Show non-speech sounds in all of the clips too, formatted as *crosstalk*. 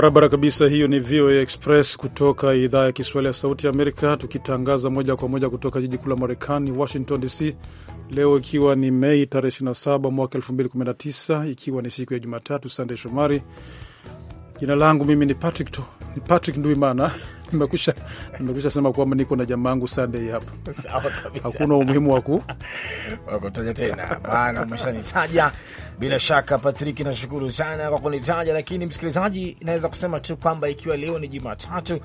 Barabara kabisa, hiyo ni VOA Express kutoka idhaa ya Kiswahili ya Sauti ya Amerika, tukitangaza moja kwa moja kutoka jiji kuu la Marekani, Washington DC. Leo ikiwa ni Mei tarehe 27 mwaka 2019, ikiwa ni siku ya Jumatatu. Sandey Shomari, jina langu mimi ni Patrick, ni Patrick Nduimana Nimekusha nimekusha sema kwamba niko na jamaa yangu Sunday hapa. *laughs* Sawa kabisa. Hakuna umuhimu wa ku wakutaja tena, maana umeshanitaja bila shaka. Patrick, nashukuru sana kwa kunitaja, lakini msikilizaji, naweza kusema tu kwamba ikiwa leo ni Jumatatu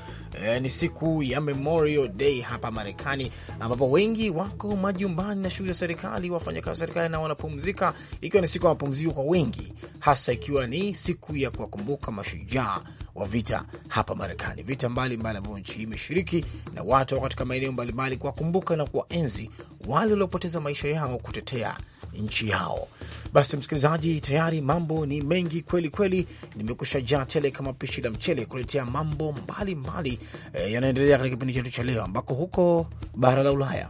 eh, ni siku ya Memorial Day hapa Marekani, ambapo wengi wako majumbani na shughuli za serikali, wafanyakazi wa serikali na wanapumzika, ikiwa ni siku ya mapumziko kwa wengi, hasa ikiwa ni siku ya kuwakumbuka mashujaa wa vita hapa Marekani, vita mbalimbali mbali ambayo nchi hii imeshiriki na watu wa katika maeneo mbalimbali kuwakumbuka na kuwaenzi wale waliopoteza maisha yao kutetea nchi yao. Basi msikilizaji, tayari mambo ni mengi kweli kweli, nimekusha jaa tele kama pishi la mchele kuletea mambo mbalimbali e, yanaendelea katika kipindi chetu cha leo, ambako huko bara la Ulaya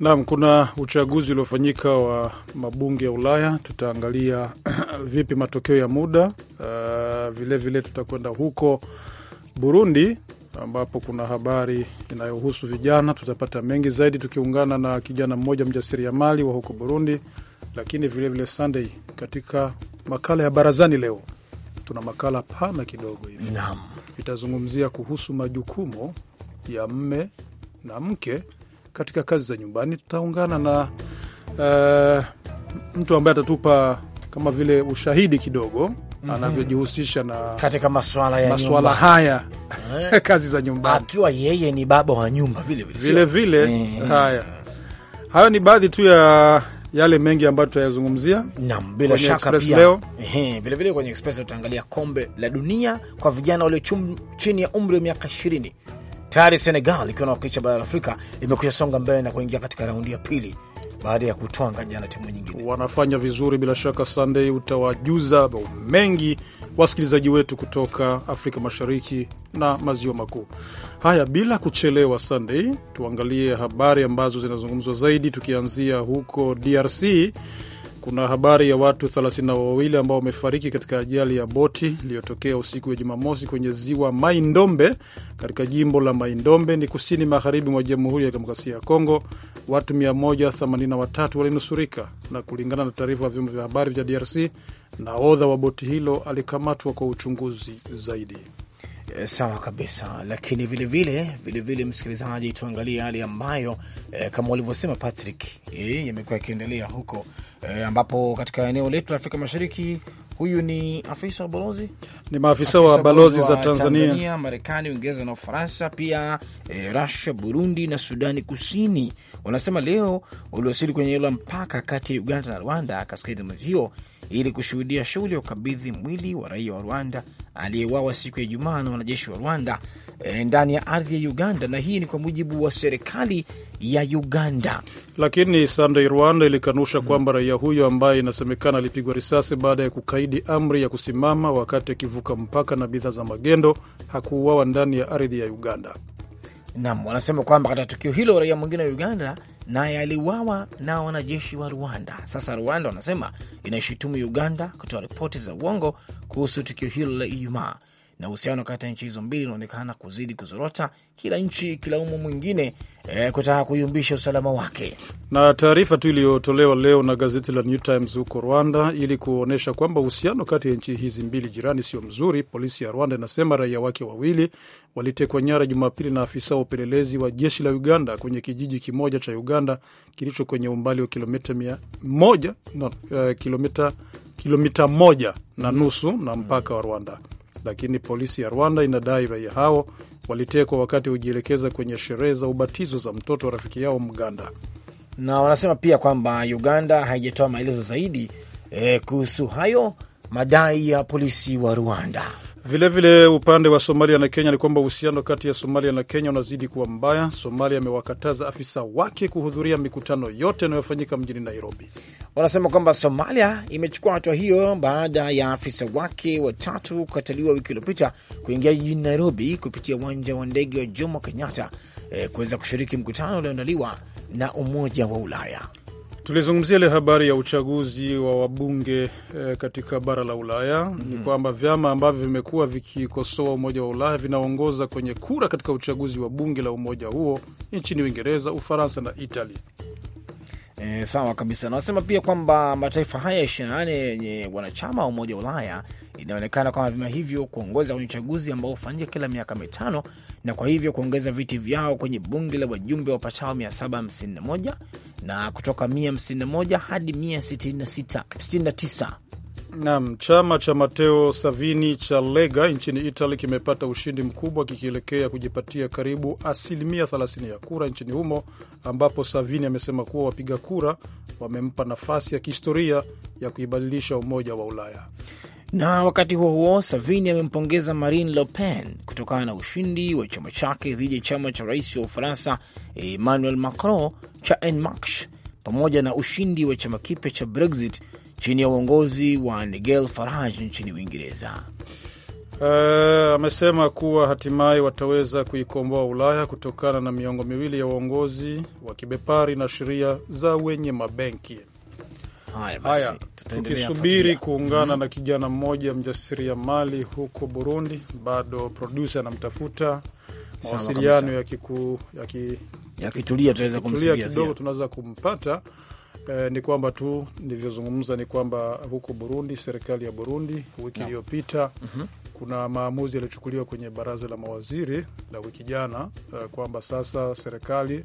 Naam, kuna uchaguzi uliofanyika wa mabunge ya Ulaya. Tutaangalia *clears throat* vipi matokeo ya muda uh, ah, vilevile tutakwenda huko Burundi ambapo kuna habari inayohusu vijana. Tutapata mengi zaidi tukiungana na kijana mmoja mjasiriamali wa huko Burundi, lakini vilevile Sunday, katika makala ya barazani leo tuna makala pana kidogo hivi, naam, itazungumzia kuhusu majukumu ya mme na mke katika kazi za nyumbani. Tutaungana na uh, mtu ambaye atatupa kama vile ushahidi kidogo mhm. anavyojihusisha na katika maswala ya maswala haya eh, *laughs* kazi za nyumbani, akiwa yeye ni baba wa nyumba vile vile, vile, vile eh. Haya, hayo ni baadhi tu ya yale mengi ambayo tutayazungumzia nam, bila shaka pia leo vile kwenye Express tutaangalia kombe la dunia kwa vijana walio chini ya umri wa miaka 20 Tayari Senegal ikiwa inawakilisha bara la Afrika imekwisha songa mbele na kuingia katika raundi ya pili baada ya kutwanga jana timu nyingine. Wanafanya vizuri bila shaka, Sunday utawajuza mengi wasikilizaji wetu kutoka Afrika Mashariki na Maziwa Makuu. Haya, bila kuchelewa, Sunday, tuangalie habari ambazo zinazungumzwa zaidi, tukianzia huko DRC. Kuna habari ya watu thelathini na wawili ambao wamefariki katika ajali ya boti iliyotokea usiku wa Jumamosi kwenye ziwa Maindombe katika jimbo la Maindombe, ni kusini magharibi mwa Jamhuri ya Demokrasia ya Kongo. Watu 183 walinusurika, na kulingana na taarifa ya vyombo vya habari vya DRC Nahodha wa boti hilo alikamatwa kwa uchunguzi zaidi. Eh, sawa kabisa, lakini vilevile vilevile, msikilizaji, tuangalie hali ambayo e, kama ulivyosema Patrick, e, yamekuwa yakiendelea huko e, ambapo katika eneo letu la Afrika Mashariki huyu ni afisa wa balozi ni maafisa wa balozi za Tanzania, Tanzania, Marekani, Uingereza na Ufaransa, pia e, Rusia, Burundi na Sudani Kusini wanasema leo waliwasili kwenye eneo la mpaka kati ya Uganda na Rwanda kaskazini mwa nchi hiyo ili kushuhudia shughuli ya ukabidhi mwili wa raia wa Rwanda aliyeuawa siku ya Ijumaa na wanajeshi wa Rwanda e, ndani ya ardhi ya Uganda, na hii ni kwa mujibu wa serikali ya Uganda. Lakini Sunday Rwanda ilikanusha hmm, kwamba raia huyo ambaye inasemekana alipigwa risasi baada ya kukaidi amri ya kusimama wakati akivuka mpaka na bidhaa za magendo hakuuawa ndani ya ardhi ya Uganda. Nam wanasema kwamba katika tukio hilo raia mwingine wa Uganda naye aliuawa na wanajeshi wa Rwanda. Sasa Rwanda wanasema inaishutumu Uganda kutoa ripoti za uongo kuhusu tukio hilo la Ijumaa na uhusiano kati ya nchi hizo mbili unaonekana kuzidi kuzorota, kila nchi ikilaumu mwingine e, kutaka kuyumbisha usalama wake. Na taarifa tu iliyotolewa leo na gazeti la New Times huko Rwanda ili kuonyesha kwamba uhusiano kati ya nchi hizi mbili jirani sio mzuri. Polisi ya Rwanda inasema raia wake wawili walitekwa nyara Jumapili na afisa wa upelelezi wa jeshi la Uganda kwenye kijiji kimoja cha Uganda kilicho kwenye umbali wa kilomita mia moja uh, kilomita kilomita moja na nusu na mpaka wa Rwanda lakini polisi ya Rwanda inadai raia hao walitekwa wakati hujielekeza kwenye sherehe za ubatizo za mtoto wa rafiki yao Mganda. Na wanasema pia kwamba Uganda haijatoa maelezo zaidi e, kuhusu hayo madai ya polisi wa Rwanda. Vilevile vile upande wa Somalia na Kenya ni kwamba uhusiano kati ya Somalia na Kenya unazidi kuwa mbaya. Somalia amewakataza afisa wake kuhudhuria mikutano yote inayofanyika mjini Nairobi. Wanasema kwamba Somalia imechukua hatua hiyo baada ya afisa wake watatu kukataliwa wiki iliyopita kuingia jijini Nairobi kupitia uwanja wa ndege wa Jomo Kenyatta eh, kuweza kushiriki mkutano ulioandaliwa na Umoja wa Ulaya. Tulizungumzia ile habari ya uchaguzi wa wabunge e, katika bara la Ulaya mm -hmm. Ni mhm. kwamba vyama ambavyo vimekuwa vikikosoa umoja wa Ulaya vinaongoza kwenye kura katika uchaguzi wa bunge la umoja huo nchini Uingereza, Ufaransa na Itali. E, sawa kabisa. nawasema pia kwamba mataifa haya ishirini na nane yenye wanachama wa Umoja wa Ulaya inaonekana kwamba vima hivyo kuongoza kwenye uchaguzi ambao hufanyika kila miaka mitano na kwa hivyo kuongeza viti vyao kwenye bunge la wajumbe wapatao 751 na kutoka 151 hadi 169 Naam, chama cha Mateo savini cha Lega nchini Italy kimepata ushindi mkubwa kikielekea kujipatia karibu asilimia 30 ya kura nchini humo, ambapo savini amesema kuwa wapiga kura wamempa nafasi ya kihistoria ya kuibadilisha Umoja wa Ulaya. Na wakati huo huo, savini amempongeza Marine Le Pen kutokana na ushindi wa chama chake dhidi ya chama cha rais wa Ufaransa Emmanuel Macron cha En Marche pamoja na ushindi wa chama kipya cha Brexit chini ya uongozi wa Nigel Farage nchini Uingereza. Eh, amesema kuwa hatimaye wataweza kuikomboa Ulaya kutokana na miongo miwili ya uongozi wa kibepari na sheria za wenye mabenki. Haya tukisubiri kuungana mm -hmm. na kijana mmoja mjasiriamali huko Burundi. Bado produsa anamtafuta, mawasiliano yakitulia kidogo tunaweza kumpata Eh, ni kwamba tu nilivyozungumza ni kwamba huko Burundi, serikali ya Burundi wiki iliyopita no. mm -hmm. kuna maamuzi yaliyochukuliwa kwenye baraza la mawaziri la wiki jana eh, kwamba sasa serikali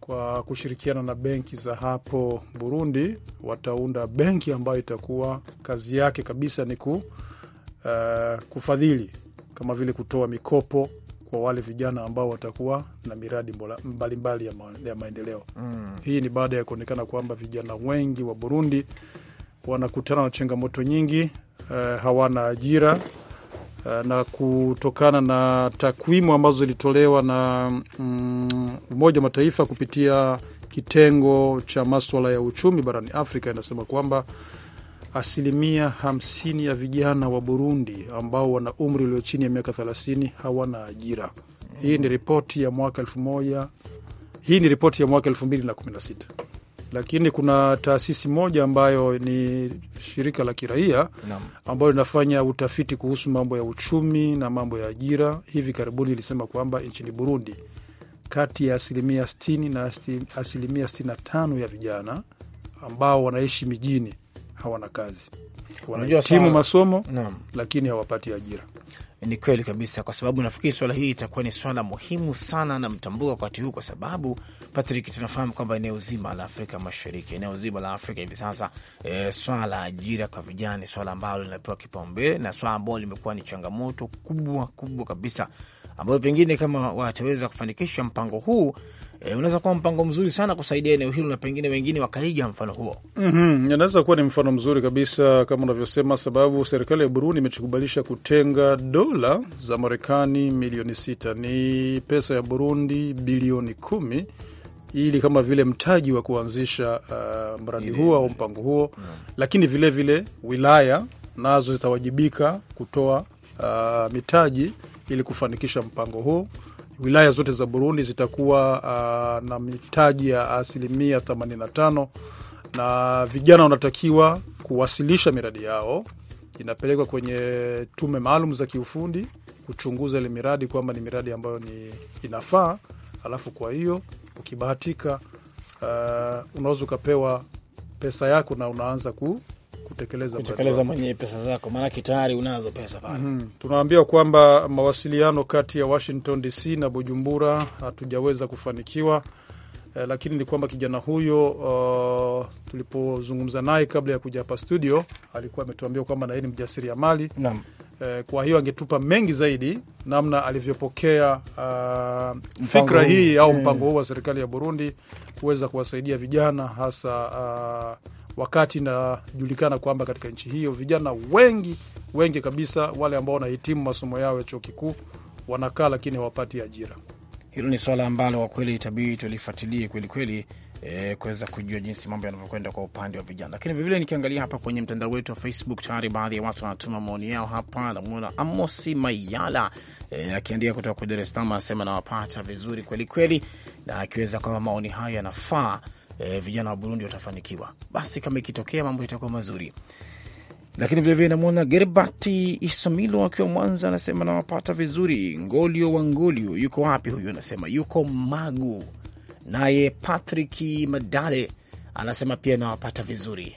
kwa kushirikiana na benki za hapo Burundi wataunda benki ambayo itakuwa kazi yake kabisa ni ku, uh, kufadhili kama vile kutoa mikopo kwa wale vijana ambao watakuwa na miradi mbalimbali mbali ya, ma, ya maendeleo mm. Hii ni baada ya kuonekana kwamba vijana wengi wa Burundi wanakutana na changamoto nyingi eh, hawana ajira eh, na kutokana na takwimu ambazo zilitolewa na mm, Umoja wa Mataifa kupitia kitengo cha maswala ya uchumi barani Afrika inasema kwamba asilimia hamsini ya vijana wa Burundi ambao wana umri ulio chini ya miaka thelathini hawana ajira. Hii ni ripoti ya mwaka elfu moja hii ni ripoti ya mwaka elfu mbili na kumi na sita lakini kuna taasisi moja ambayo ni shirika la kiraia ambayo linafanya utafiti kuhusu mambo ya uchumi na mambo ya ajira, hivi karibuni ilisema kwamba nchini Burundi kati ya asilimia 60 na asilimia 65 ya vijana ambao wanaishi mijini hawana kazi, wanahitimu masomo na, lakini hawapati ajira. Ni kweli kabisa, kwa sababu nafikiri swala hii itakuwa ni swala muhimu sana na mtambuka wakati huu, kwa sababu Patrick, tunafahamu kwamba eneo zima la Afrika Mashariki, eneo zima la Afrika hivi sasa e, swala la ajira kwa vijana ni swala ambalo linapewa kipaumbele na swala ambalo limekuwa ni changamoto kubwa kubwa kabisa ambayo pengine kama wataweza kufanikisha mpango huu E, unaweza kuwa mpango mzuri sana kusaidia eneo hilo na pengine wengine wakaiga mfano huo. mm -hmm. Inaweza kuwa ni mfano mzuri kabisa kama unavyosema, sababu serikali ya Burundi imekubalisha kutenga dola za Marekani milioni sita, ni pesa ya Burundi bilioni kumi ili kama vile mtaji wa kuanzisha uh, mradi huo au mpango huo yeah. Mm. Lakini vilevile vile, wilaya nazo zitawajibika kutoa uh, mitaji ili kufanikisha mpango huu, wilaya zote za Burundi zitakuwa uh, na mitaji ya asilimia 85 na vijana wanatakiwa kuwasilisha miradi yao, inapelekwa kwenye tume maalum za kiufundi kuchunguza ile miradi kwamba ni miradi ambayo ni inafaa, alafu kwa hiyo ukibahatika, uh, unaweza ukapewa pesa yako na unaanza ku, kutekeleza kutekeleza mwenyewe pesa zako, maanake tayari unazo pesa pale. mm -hmm. Tunaambia kwamba mawasiliano kati ya Washington DC na Bujumbura hatujaweza kufanikiwa eh, lakini ni kwamba kijana huyo uh, tulipozungumza naye kabla ya kuja hapa studio alikuwa ametuambia kwamba na yeye ni mjasiriamali naam. Eh, kwa hiyo angetupa mengi zaidi namna alivyopokea uh, fikra hii au mm. mpango huu wa serikali ya Burundi kuweza kuwasaidia vijana hasa uh, wakati inajulikana kwamba katika nchi hiyo vijana wengi wengi kabisa, wale ambao wanahitimu masomo yao ya chuo kikuu wanakaa, lakini hawapati ajira. Hilo ni swala ambalo kwa kweli itabidi tulifuatilie kwelikweli, e, eh, kuweza kujua jinsi mambo yanavyokwenda kwa upande wa vijana. Lakini vilevile nikiangalia hapa kwenye mtandao wetu wa Facebook, tayari baadhi ya watu wanatuma maoni yao hapa. Namwona Amosi Mayala e, akiandika kutoka kwa Dar es Salaam, anasema nawapata vizuri kwelikweli, na akiweza kwamba maoni hayo yanafaa eh, vijana wa Burundi watafanikiwa, basi kama ikitokea mambo itakuwa mazuri. Lakini vilevile namwona Gerbati Isamilo akiwa Mwanza, anasema nawapata vizuri. Ngolio wa Ngolio yuko wapi huyu? Anasema yuko Magu. Naye Patrick Madale anasema pia nawapata vizuri.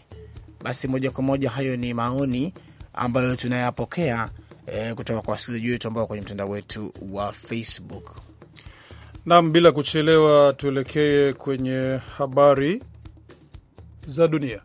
Basi moja kwa moja, hayo ni maoni ambayo tunayapokea eh, kutoka kwa wasikilizaji wetu ambao kwenye mtandao wetu wa Facebook. Nam, bila kuchelewa tuelekee kwenye habari za dunia.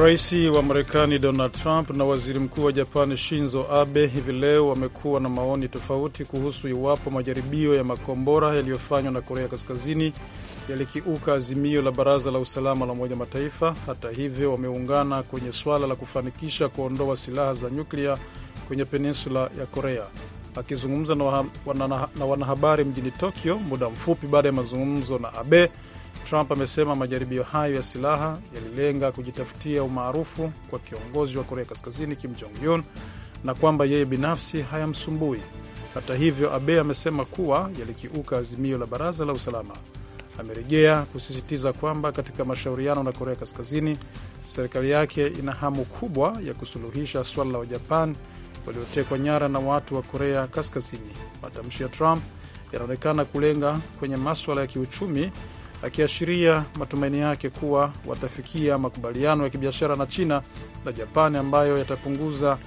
Rais wa Marekani Donald Trump na waziri mkuu wa Japani Shinzo Abe hivi leo wamekuwa na maoni tofauti kuhusu iwapo majaribio ya makombora yaliyofanywa na Korea Kaskazini yalikiuka azimio la Baraza la Usalama la Umoja Mataifa. Hata hivyo, wameungana kwenye suala la kufanikisha kuondoa silaha za nyuklia kwenye peninsula ya Korea. Akizungumza na wanahabari mjini Tokyo muda mfupi baada ya mazungumzo na Abe Trump amesema majaribio hayo ya silaha yalilenga kujitafutia umaarufu kwa kiongozi wa Korea Kaskazini Kim Jong Un na kwamba yeye binafsi hayamsumbui. Hata hivyo, Abe amesema kuwa yalikiuka azimio la Baraza la Usalama. Amerejea kusisitiza kwamba katika mashauriano na Korea Kaskazini, serikali yake ina hamu kubwa ya kusuluhisha suala la Wajapan waliotekwa nyara na watu wa Korea Kaskazini. Matamshi ya Trump yanaonekana kulenga kwenye maswala ya kiuchumi akiashiria matumaini yake kuwa watafikia makubaliano ya kibiashara na China na Japani ambayo yatapunguza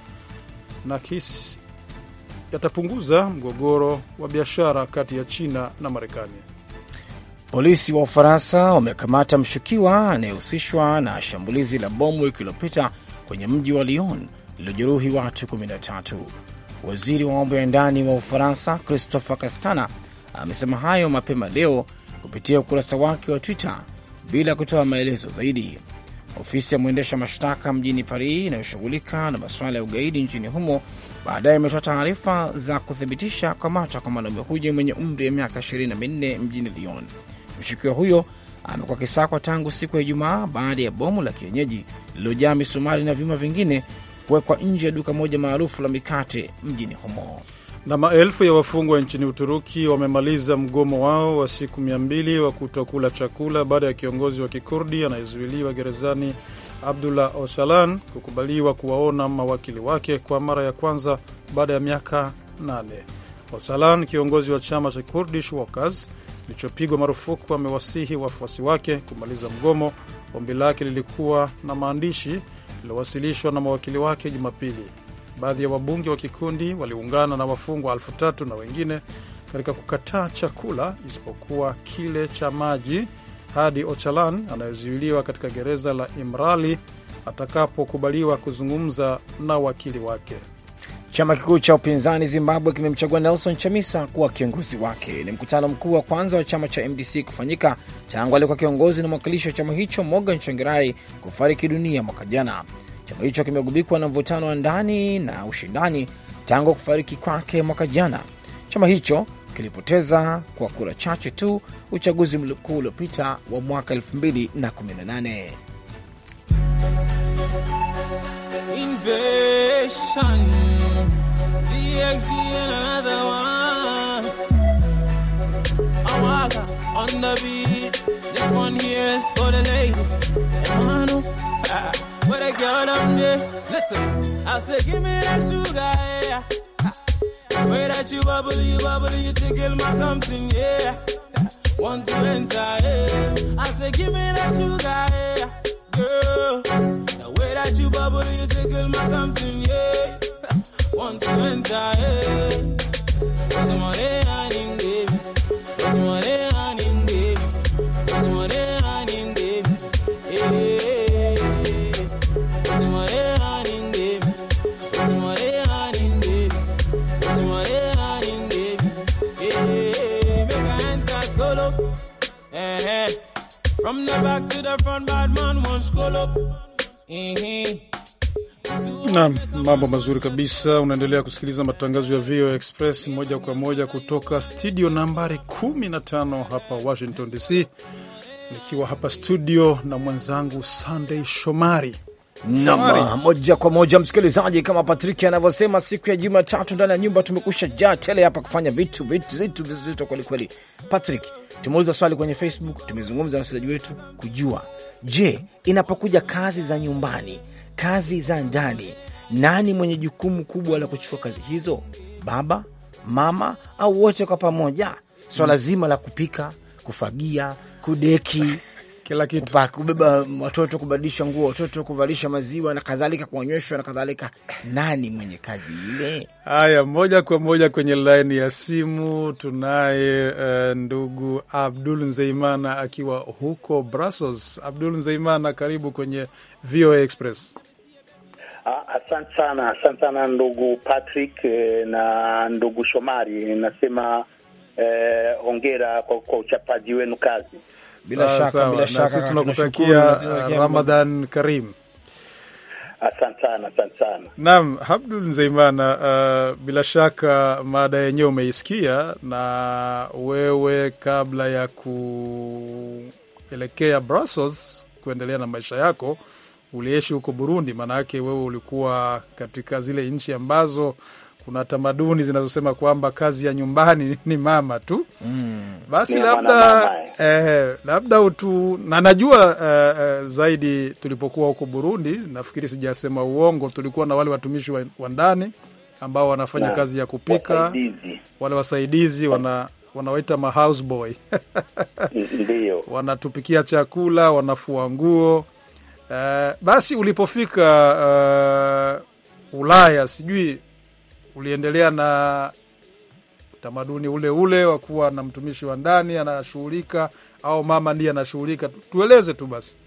na kisi, yatapunguza mgogoro wa biashara kati ya China na Marekani. Polisi wa Ufaransa wamekamata mshukiwa anayehusishwa na shambulizi la bomu wiki iliyopita kwenye mji wa Lyon lililojeruhi watu 13. Waziri wa mambo ya ndani wa Ufaransa Christopher Castana amesema hayo mapema leo kupitia ukurasa wake wa Twitter bila kutoa maelezo zaidi. Ofisi ya mwendesha mashtaka mjini Paris inayoshughulika na masuala ya ugaidi nchini humo baadaye imetoa taarifa za kuthibitisha kukamatwa kwa mwanaume huyo mwenye umri wa miaka 24 mjini Lyon. Mshukiwa huyo amekuwa akisakwa tangu siku ya Ijumaa baada ya bomu la kienyeji lililojaa misumari na vyuma vingine kuwekwa nje ya duka moja maarufu la mikate mjini humo. Na maelfu ya wafungwa nchini Uturuki wamemaliza mgomo wao wa siku 20 wa kutokula chakula baada ya kiongozi wa kikurdi anayezuiliwa gerezani Abdullah Ocalan kukubaliwa kuwaona mawakili wake kwa mara ya kwanza baada ya miaka 8. Ocalan, kiongozi wa chama cha Kurdish Workers kilichopigwa marufuku, amewasihi wafuasi wake kumaliza mgomo. Ombi lake lilikuwa na maandishi lililowasilishwa na mawakili wake Jumapili. Baadhi ya wabunge wa kikundi waliungana na wafungwa elfu tatu na wengine katika kukataa chakula isipokuwa kile cha maji hadi Ochalan anayezuiliwa katika gereza la Imrali atakapokubaliwa kuzungumza na wakili wake. Chama kikuu cha upinzani Zimbabwe kimemchagua Nelson Chamisa kuwa kiongozi wake. Ni mkutano mkuu wa kwanza wa chama cha MDC kufanyika tangu alikuwa kiongozi na mwakilishi wa chama hicho Morgan Changirai kufariki dunia mwaka jana. Chama hicho kimegubikwa na mvutano wa ndani na ushindani tangu kufariki kwake mwaka jana. Chama hicho kilipoteza kwa kura chache tu uchaguzi mkuu uliopita wa mwaka 2018. What a girl I'm there. Listen, I said, give me that sugar, yeah. Way that you bubble, you bubble, you tickle my something, yeah. Want to enter, yeah. I say, give me that sugar, yeah. Girl, the way that you bubble, you tickle my something, yeah. Want to enter, yeah. Cause I'm on skull up. Eh, eh. From the back to the front, bad man won't skull up. Eh, eh. Naam, mambo mazuri kabisa. Unaendelea kusikiliza matangazo ya VOA Express moja kwa moja kutoka studio nambari 15 hapa Washington DC, nikiwa hapa studio na mwenzangu Sunday Shomari. Nama, moja kwa moja msikilizaji, kama Patrick anavyosema, siku ya Jumatatu ndani ya nyumba tumekusha jaa tele hapa kufanya vitu vitu vizito kwelikweli. Patrick, tumeuliza swali kwenye Facebook, tumezungumza na wasikilizaji wetu kujua, je, inapokuja kazi za nyumbani, kazi za ndani, nani mwenye jukumu kubwa la kuchukua kazi hizo, baba, mama au wote kwa pamoja? Swala so, zima la kupika, kufagia, kudeki kila kitu, kupa, kubeba watoto, kubadilisha nguo watoto, kuvalisha maziwa na kadhalika, kuonyeshwa na kadhalika. Nani mwenye kazi ile? Haya, moja kwa moja kwenye laini ya simu tunaye uh, ndugu Abdul Nzeimana akiwa huko Brussels. Abdul Nzeimana, karibu kwenye VOA Express. Ah, asante sana, asante sana ndugu Patrick eh, na ndugu Shomari, nasema eh, ongera kwa, kwa uchapaji wenu kazi bila sawa, shaka Bila shaka sisi tunakutakia Ramadan Karim. Asante sana, asante sana. Naam, Abdul Nzeimana, uh, bila shaka mada yenyewe umeisikia, na wewe kabla ya kuelekea Brussels kuendelea na maisha yako uliishi huko Burundi, maanake wewe ulikuwa katika zile nchi ambazo kuna tamaduni zinazosema kwamba kazi ya nyumbani *laughs* ni mama tu mm. Basi yeah, labda eh. eh, labda utu na najua eh, eh, zaidi tulipokuwa huko Burundi, nafikiri sijasema uongo, tulikuwa na wale watumishi wa ndani ambao wanafanya na kazi ya kupika wasaidizi. Wale wasaidizi wana wanawaita ma houseboy *laughs* wanatupikia chakula, wanafua nguo eh, basi ulipofika uh, Ulaya sijui uliendelea na utamaduni ule ule wa kuwa na mtumishi wa ndani anashughulika au mama ndiye anashughulika? Tueleze tu basi.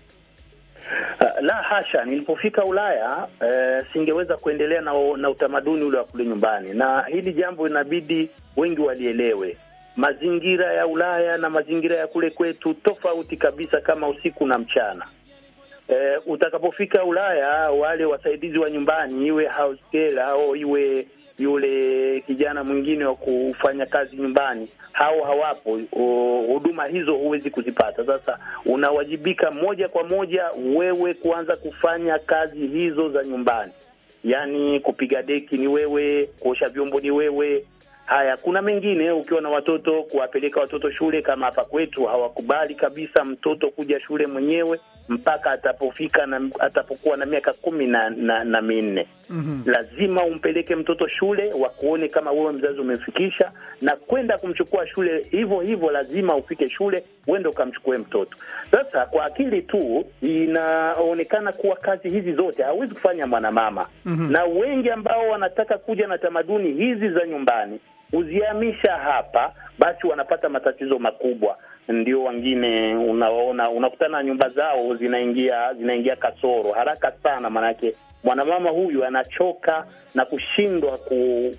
Ah, la hasha, nilipofika Ulaya e, singeweza kuendelea na, na utamaduni ule wa kule nyumbani, na hili jambo inabidi wengi walielewe. Mazingira ya Ulaya na mazingira ya kule kwetu tofauti kabisa, kama usiku na mchana. E, utakapofika Ulaya, wale wasaidizi wa nyumbani, iwe housekeeper au iwe yule kijana mwingine wa kufanya kazi nyumbani, hao hawapo, huduma hizo huwezi kuzipata. Sasa unawajibika moja kwa moja wewe kuanza kufanya kazi hizo za nyumbani, yaani kupiga deki ni wewe, kuosha vyombo ni wewe. Haya, kuna mengine, ukiwa na watoto, kuwapeleka watoto shule. Kama hapa kwetu hawakubali kabisa mtoto kuja shule mwenyewe, mpaka atapofika na atapokuwa na miaka kumi na, na, na minne mm -hmm. Lazima umpeleke mtoto shule wakuone kama wewe mzazi umemfikisha, na kwenda kumchukua shule hivyo hivyo, lazima ufike shule uende ukamchukue mtoto. Sasa kwa akili tu inaonekana kuwa kazi hizi zote hawezi kufanya mwanamama mm -hmm. na wengi ambao wanataka kuja na tamaduni hizi za nyumbani Kuzihamisha hapa, basi wanapata matatizo makubwa. Ndio wengine unaona, unakutana nyumba zao zinaingia zinaingia kasoro haraka sana, maanake mwanamama huyu anachoka na kushindwa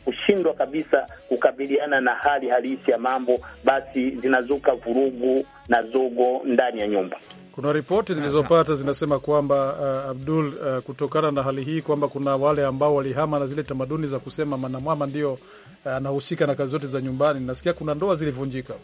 kushindwa kabisa kukabiliana na hali halisi ya mambo, basi zinazuka vurugu na zogo ndani ya nyumba. Kuna ripoti zilizopata zinasema kwamba uh, Abdul uh, kutokana na hali hii kwamba kuna wale ambao walihama na zile tamaduni za kusema manamwama ndio uh, anahusika uh, na kazi zote za nyumbani. Nasikia kuna ndoa zilivunjika.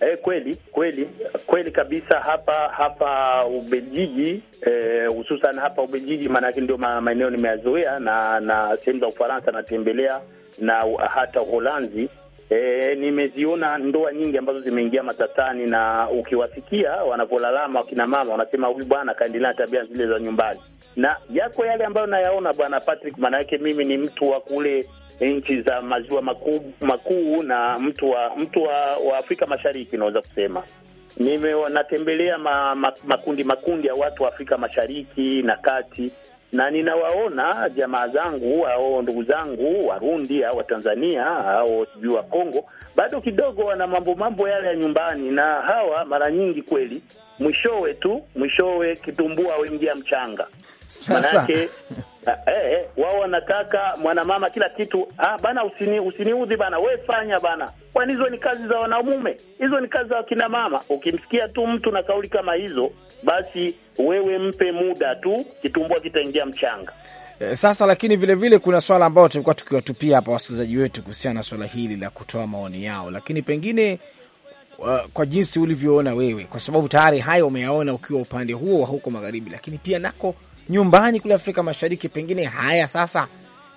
E, kweli kweli kweli kabisa. Hapa hapa Ubelgiji eh, hususan e, hapa Ubelgiji maanake ndio maeneo nimeyazoea na na sehemu za Ufaransa natembelea na hata Uholanzi E, nimeziona ndoa nyingi ambazo zimeingia matatani, na ukiwasikia wanapolalama wakina mama wanasema huyu bwana kaendelea na tabia zile za nyumbani, na yako yale ambayo nayaona bwana Patrick. Maana yake mimi ni mtu wa kule nchi za maziwa makuu makuu na mtu wa mtu wa, wa Afrika Mashariki, naweza kusema nimenatembelea ma, ma, makundi makundi ya watu wa Afrika Mashariki na kati na ninawaona jamaa zangu au ndugu zangu Warundi au Watanzania au sijui wa Kongo bado kidogo wana mambo mambo yale ya nyumbani, na hawa mara nyingi kweli mwishowe tu mwishowe kitumbua wengia mchanga manake Eh, eh, wao wanataka mwanamama kila kitu. Ah, bana, usini usiniudhi bana, we fanya bana, kwani hizo ni kazi za wanamume, hizo ni kazi za wakina mama. Ukimsikia tu mtu na kauli kama hizo, basi wewe mpe muda tu, kitumbua kitaingia mchanga. Eh, sasa lakini vile vile kuna swala ambayo tulikuwa tukiwatupia hapa wasikilizaji wetu kuhusiana na swala hili la kutoa maoni yao, lakini pengine uh, kwa jinsi ulivyoona wewe, kwa sababu tayari hayo umeyaona ukiwa upande huo wa huko magharibi, lakini pia nako nyumbani kule Afrika Mashariki, pengine haya sasa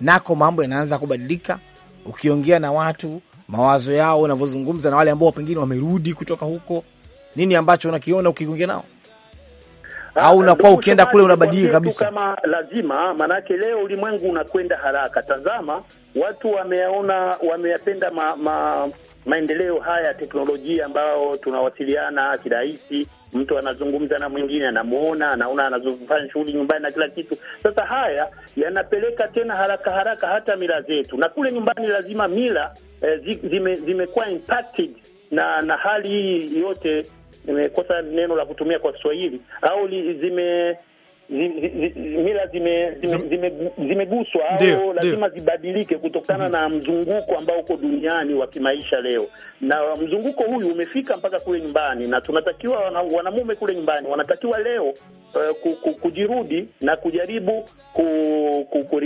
nako mambo yanaanza kubadilika. Ukiongea na watu mawazo yao, unavyozungumza na wale ambao pengine wamerudi kutoka huko, nini ambacho unakiona ukiongea nao? Ah, au unakuwa ukienda kule unabadilika kabisa kama lazima? Maanake leo ulimwengu unakwenda haraka. Tazama, watu wameona, wameyapenda ma, ma, maendeleo haya ya teknolojia ambayo tunawasiliana kirahisi mtu anazungumza na mwingine, anamuona, anaona anazofanya shughuli nyumbani na kila kitu. Sasa haya yanapeleka tena haraka haraka hata mila zetu, na kule nyumbani lazima mila eh, zimekuwa zime impacted na na hali hii yote nimekosa neno la kutumia kwa Kiswahili au li, zime mila zimeguswa zime, zime, zime au lazima zibadilike kutokana mm -hmm. na mhm. mzunguko ambao uko duniani wa kimaisha leo, na mzunguko huyu umefika mpaka kule nyumbani, na tunatakiwa wanamume kule nyumbani wanatakiwa leo uh, kujirudi na kujaribu ku, ku, ku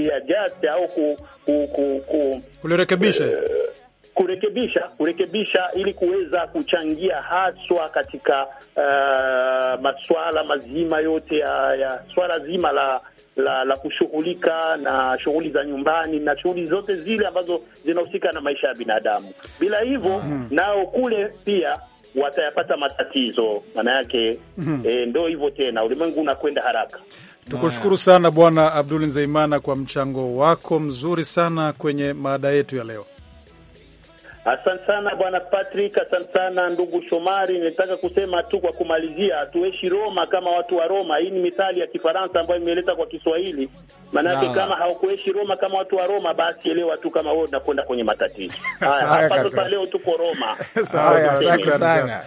au ku, ku, ku, ku, kulirekebisha uh, kurekebisha kurekebisha ili kuweza kuchangia haswa katika uh, masuala mazima yote ya, ya swala zima la la, la kushughulika na shughuli za nyumbani na shughuli zote zile ambazo zinahusika na maisha ya binadamu. Bila hivyo mm -hmm. nao kule pia watayapata matatizo, maana yake mm -hmm. e, eh, ndo hivyo tena, ulimwengu unakwenda haraka. Tukushukuru sana Bwana Abdul Nzeimana kwa mchango wako mzuri sana kwenye mada yetu ya leo. Asante sana bwana Patrick, asante sana ndugu Shomari. Nilitaka kusema tu kwa kumalizia, hatuishi Roma kama watu wa Roma. Hii ni mithali ya Kifaransa ambayo imeleta kwa Kiswahili, maanake kama haukuishi Roma kama watu wa Roma, basi elewa tu kama wewe unakwenda kwenye matatizo *laughs* haya. Hapa leo tuko Roma. *laughs* Asante sana.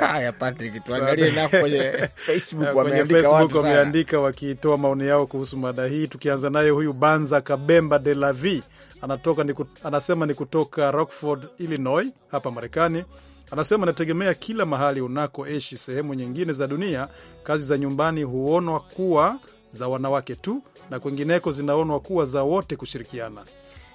Haya Patrick, tuangalie na *laughs* kwenye Facebook eh, wameandika wakitoa maoni yao kuhusu mada hii, tukianza naye huyu Banza Kabemba de la Vie anatoka ni kut, anasema ni kutoka Rockford, Illinois hapa Marekani. Anasema anategemea kila mahali unakoishi. Sehemu nyingine za dunia kazi za nyumbani huonwa kuwa za wanawake tu na kwingineko zinaonwa kuwa za wote kushirikiana.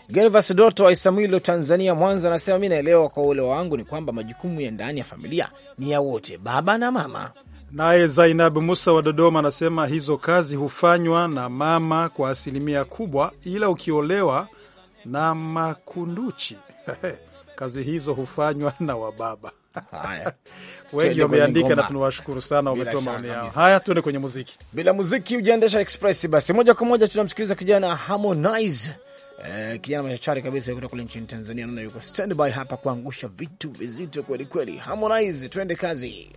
Gervas Doto wa Isamuilo, Tanzania, Mwanza, anasema mi naelewa kwa uelewa wangu ni kwamba majukumu ya ndani ya familia ni ya wote, baba na mama. Naye Zainab Musa wa Dodoma anasema hizo kazi hufanywa na mama kwa asilimia kubwa, ila ukiolewa na makunduchi *laughs* kazi hizo hufanywa na wababa. Haya, *laughs* wengi wameandika na tunawashukuru sana, wametoa maoni yao. Haya, tuende kwenye muziki. Bila muziki ujaendesha Express. Basi moja kwa moja tunamsikiliza kijana Harmonize, eh, kijana machachari kabisa kutoka kule nchini Tanzania. Naona yuko standby hapa kuangusha vitu vizito kwelikweli. Harmonize, tuende kazi.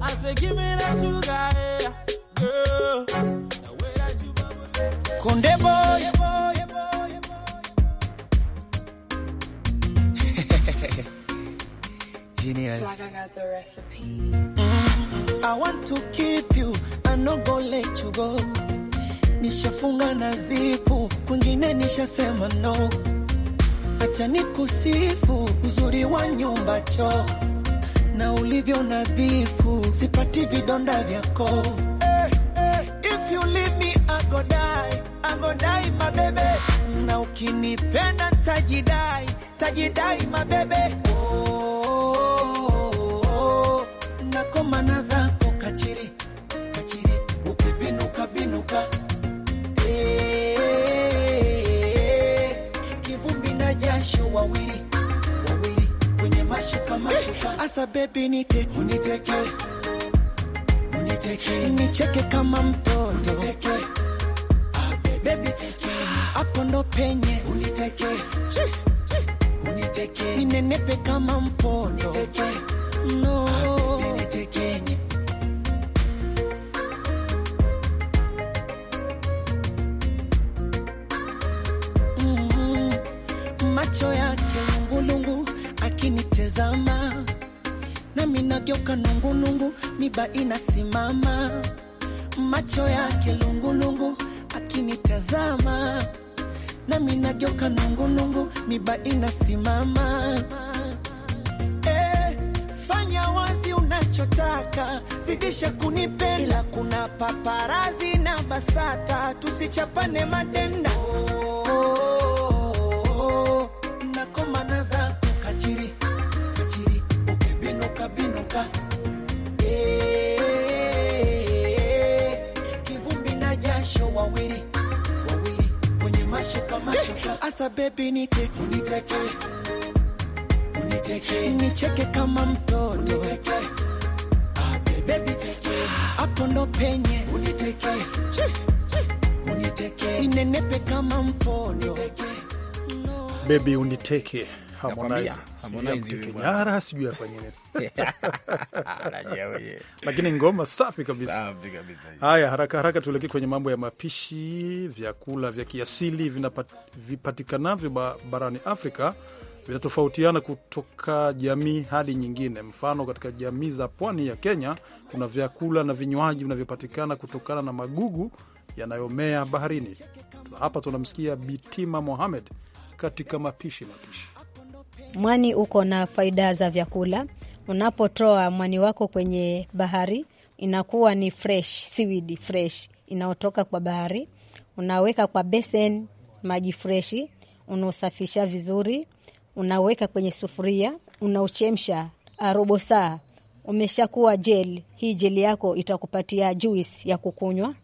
I say, give me that sugar, yeah, girl. The way that you Konde boy. *laughs* Genius. Like I got the recipe. Mm, I want to keep you. I'm not gonna let you go. Nishafunga na zipu, kwingine nishasema no. Acha nikusifu uzuri wa nyumba choo na ulivyo nadhifu, sipati vidonda vyako hey, eh, eh, If you leave me die, agodai mabebe, na ukinipenda tajidai tajidai mabebe sasa baby nite uniteke uniteke nicheke kama mtoto uniteke ah, baby teke hapo ndo penye uniteke uniteke ninenepe kama mpondo uniteke no ah, mm-hmm. macho yake lungulungu akinitezama nami nageuka nungunungu, miba inasimama, macho yake lungulungu akinitazama, nami nageuka nungunungu, miba inasimama. Eh, fanya wazi unachotaka, zidisha kunipenda, kuna paparazi na BASATA, tusichapane madenda oh. baby niteke, uniteke, uniteke, nicheke kama mtoto uniteke, ah baby teke hapo ndo penye uniteke, uniteke, inenepe kama mpono, baby uniteke Harmonize kijara sijui afanye nini, *laughs* lakini ngoma safi kabisa. Haya, haraka haraka tuelekee kwenye mambo ya mapishi. Vyakula vya kiasili vipatikanavyo barani Afrika vinatofautiana kutoka jamii hadi nyingine. Mfano, katika jamii za pwani ya Kenya kuna vyakula na vinywaji vinavyopatikana kutokana na magugu yanayomea baharini. Hapa tunamsikia Bitima Mohamed katika mapishi mapishi mwani uko na faida za vyakula. Unapotoa mwani wako kwenye bahari, inakuwa ni fresh seaweed, fresh inaotoka kwa bahari, unaweka kwa besen, maji freshi, unaosafisha vizuri, unaweka kwenye sufuria, unauchemsha ah, robo saa, umeshakuwa jeli. Hii jeli yako itakupatia juisi ya kukunywa.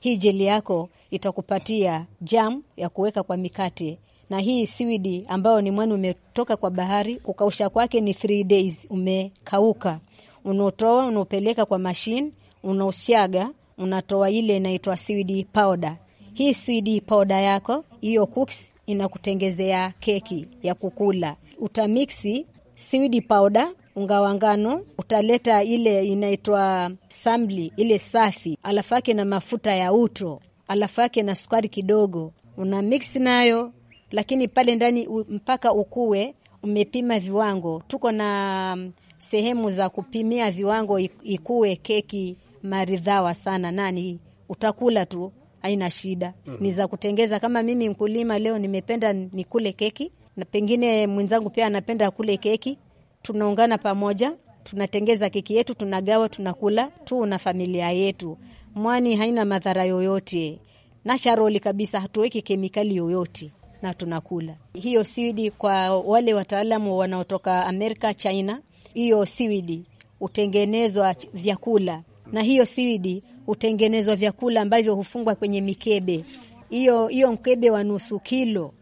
Hii jeli yako itakupatia jam ya kuweka kwa mikate na hii seaweed ambayo ni mwani umetoka kwa bahari, kukausha kwake ni 3 days, umekauka. Unaotoa unaopeleka kwa mashine, unaosiaga, unatoa ile inaitwa seaweed powder. Hii seaweed powder yako hiyo cooks inakutengezea keki ya kukula. Utamiksi seaweed powder unga wa ngano utaleta ile inaitwa samli ile safi, alafu yake na mafuta ya uto, alafu yake na sukari kidogo, una mix nayo lakini pale ndani mpaka ukue umepima viwango. Tuko na mm, sehemu za kupimia viwango, ikue keki maridhawa sana, nani utakula tu, haina shida. Mhm. Ni za kutengeza. Kama mimi mkulima leo nimependa nikule keki, na pengine mwenzangu pia anapenda kule keki, tunaungana pamoja, tunatengeza keki yetu, tunagawa, tunakula tu na familia yetu. Mwani haina madhara yoyote, nasharoli kabisa, hatuweki kemikali yoyote na tunakula hiyo siwidi. Kwa wale wataalamu wanaotoka Amerika, China, hiyo siwidi hutengenezwa vyakula na hiyo siwidi hutengenezwa vyakula ambavyo hufungwa kwenye mikebe hiyo hiyo. Mkebe wa nusu kilo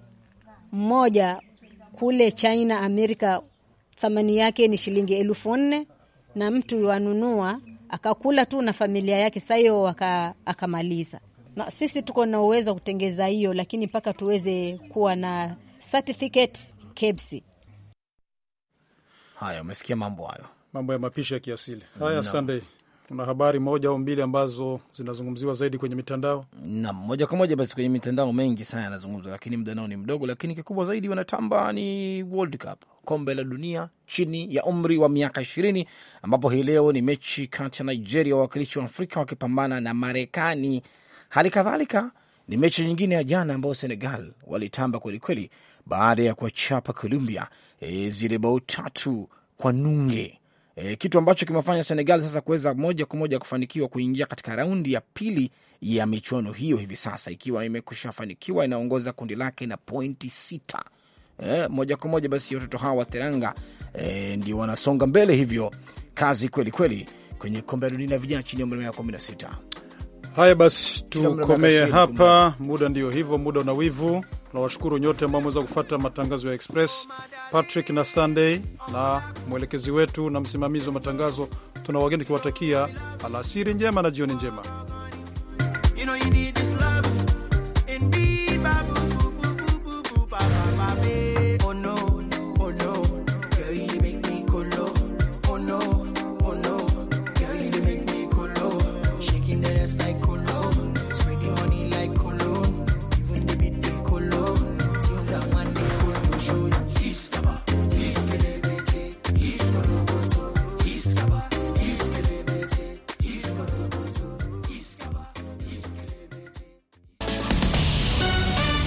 mmoja kule China, Amerika, thamani yake ni shilingi elfu nne na mtu wanunua akakula tu na familia yake, saa hiyo akamaliza na sisi tuko na uwezo wa kutengeza hiyo, lakini mpaka tuweze kuwa na certificate KEBS. Haya, umesikia mambo hayo, mambo ya mapishi ya kiasili mm, haya no. Sunday kuna habari moja au mbili ambazo zinazungumziwa zaidi kwenye mitandao nam, moja kwa moja basi kwenye mitandao mengi sana yanazungumzwa, lakini muda nao ni mdogo, lakini kikubwa zaidi wanatamba ni World Cup, kombe la dunia chini ya umri wa miaka ishirini, ambapo hii leo ni mechi kati ya Nigeria wawakilishi wa Afrika wakipambana na Marekani Hali kadhalika ni mechi nyingine ya jana ambayo Senegal walitamba kwelikweli baada ya kuwachapa Colombia e, zile bao tatu kwa nunge e, kitu ambacho kimefanya Senegal sasa kuweza moja kwa moja kufanikiwa kuingia katika raundi ya pili ya michuano hiyo hivi sasa, ikiwa imekushafanikiwa inaongoza kundi lake na pointi sita. E, moja kwa moja basi watoto hawa wateranga e, ndio wanasonga mbele, hivyo kazi kwelikweli kweli, kwenye kombe la dunia vijana chini ya umri wa miaka 16. Haya basi, tukomee hapa, muda ndio hivyo, muda una wivu. Tunawashukuru nyote ambao ameweza kufata matangazo ya Express, Patrick na Sunday na mwelekezi wetu na msimamizi wa matangazo. Tuna wageni kiwatakia alasiri njema na jioni njema.